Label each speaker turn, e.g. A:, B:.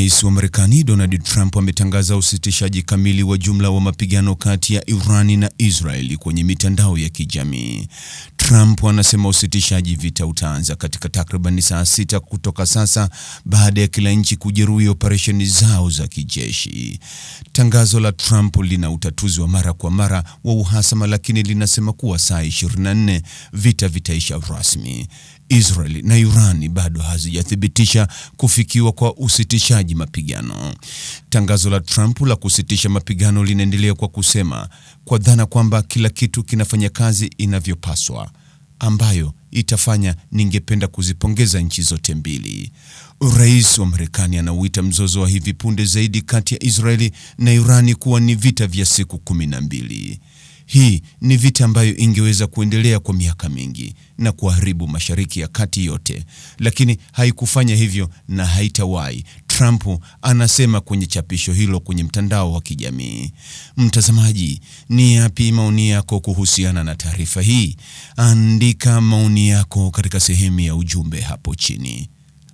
A: Rais wa Marekani Donald Trump ametangaza usitishaji kamili wa jumla wa mapigano kati ya Iran na Israeli kwenye mitandao ya kijamii. Trump anasema usitishaji vita utaanza katika takriban saa sita kutoka sasa baada ya kila nchi kujeruhi operesheni zao za kijeshi. Tangazo la Trump lina utatuzi wa mara kwa mara wa uhasama, lakini linasema kuwa saa 24 vita vitaisha rasmi. Israel na Iran bado hazijathibitisha kufikiwa kwa usitishaji mapigano. Tangazo la Trump la kusitisha mapigano linaendelea kwa kusema kwa dhana kwamba kila kitu kinafanya kazi inavyopaswa, ambayo itafanya ningependa kuzipongeza nchi zote mbili. Rais wa Marekani anauita mzozo wa hivi punde zaidi kati ya Israeli na Irani kuwa ni vita vya siku kumi na mbili. Hii ni vita ambayo ingeweza kuendelea kwa miaka mingi na kuharibu Mashariki ya Kati yote, lakini haikufanya hivyo na haitawahi. Trump anasema kwenye chapisho hilo kwenye mtandao wa kijamii. Mtazamaji, ni yapi maoni yako kuhusiana na taarifa hii? Andika maoni yako katika sehemu ya ujumbe hapo chini